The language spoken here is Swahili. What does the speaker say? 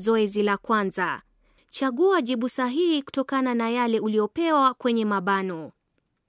Zoezi la kwanza: chagua jibu sahihi kutokana na yale uliopewa kwenye mabano.